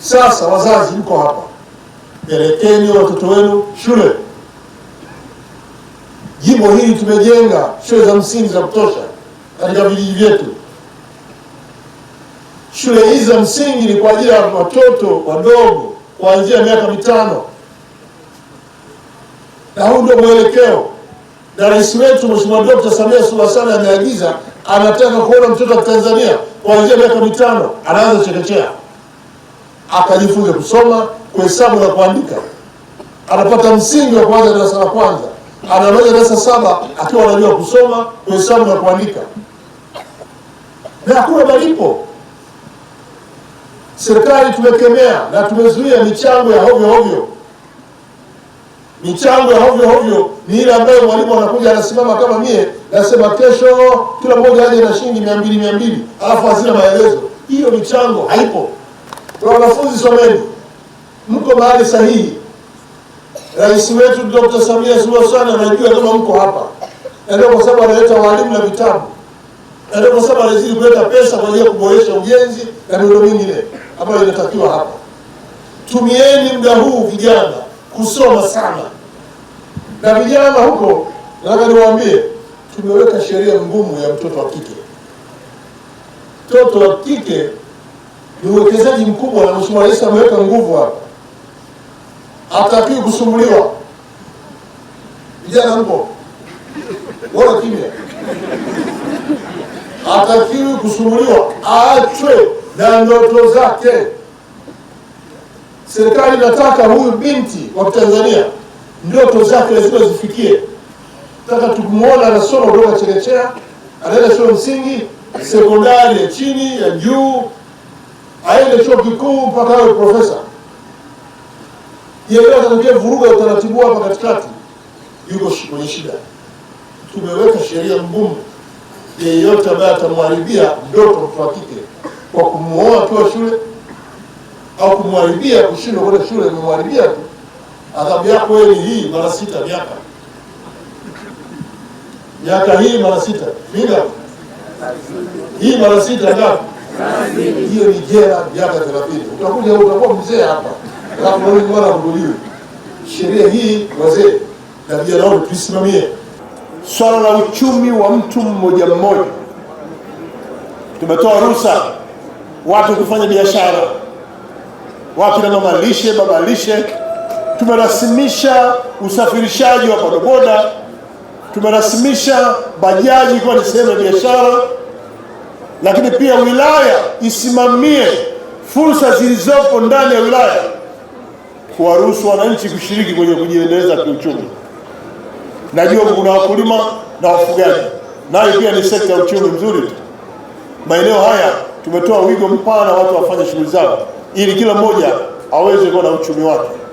Sasa wazazi, mko hapa, pelekeni watoto wenu shule. Jimbo hili tumejenga shule za msingi za kutosha katika vijiji vyetu. Shule hizi za msingi ni kwa ajili ya watoto wadogo kuanzia miaka mitano, na huu ndio mwelekeo, na rais wetu Mheshimiwa Dkt. Samia Suluhu Hassan ameagiza, anataka kuona mtoto wa Tanzania kuanzia miaka mitano anaanza chekechea akajifunza kusoma, kuhesabu na kuandika, anapata msingi wa kuanza darasa la kwanza, anamaliza darasa saba akiwa anajua kusoma, kuhesabu na kuandika, na hakuna malipo. Serikali tumekemea na tumezuia michango ya hovyo hovyo. Michango ya hovyo hovyo ni ile ambayo mwalimu anakuja anasimama kama mie, nasema kesho kila mmoja aje na shilingi mia mbili mia mbili, alafu hazina maelezo. Hiyo michango haipo. Wanafunzi someni, mko mahali sahihi. Rais wetu Dr. Samia Suluhu Hassan anajua kama mko hapa, na ndio kwa sababu analeta walimu na vitabu, na ndio kwa sababu anazidi kuleta pesa kwa ajili ya kuboresha ujenzi na miundo mingine ambayo inatakiwa hapa. Tumieni muda huu vijana kusoma sana, na vijana huko, nataka niwaambie, tumeweka sheria ngumu ya mtoto wa kike. Mtoto wa kike ni uwekezaji mkubwa, na Mheshimiwa Rais ameweka nguvu hapa, hatakiwi kusumbuliwa. Vijana mpo wala kimya, hatakiwi kusumbuliwa, aachwe na ndoto zake. Serikali inataka huyu binti wa Kitanzania ndoto zake lazima zifikie. Nataka tukumwona anasoma kutoka chekechea, anaenda shule msingi, sekondari ya chini, ya juu aende chuo kikuu mpaka awe profesa. Yeye atakuja vuruga utaratibu hapa katikati, yuko kwenye shida. Tumeweka sheria ngumu, yeyote ambaye atamharibia mtoto mtu wa kike kwa kumuoa akiwa shule au kumharibia kushindwa kwenda shule, amemharibia tu, adhabu yako wewe ni hii mara sita miaka miaka hii mara sita mingapi? Hii mara sita ngapi? hiyo ni jela miaka thelathini. Utakuja utakuwa mzee hapa, alafu mwana agunduliwe. Sheria hii wazee na vijana wote tuisimamie. Swala la uchumi wa mtu mmoja mmoja, tumetoa ruhusa watu kufanya biashara, wakina mama lishe, baba lishe. Tumerasimisha usafirishaji wa bodaboda, tumerasimisha bajaji kuwa ni sehemu ya biashara lakini pia wilaya isimamie fursa zilizopo ndani ya wilaya, kuwaruhusu wananchi kushiriki kwenye kujiendeleza kiuchumi. Najua kuna wakulima na wafugaji, nayo pia ni sekta ya uchumi mzuri Maeneo haya tumetoa wigo mpana, watu wafanye shughuli zao, ili kila mmoja aweze kuwa na uchumi wake.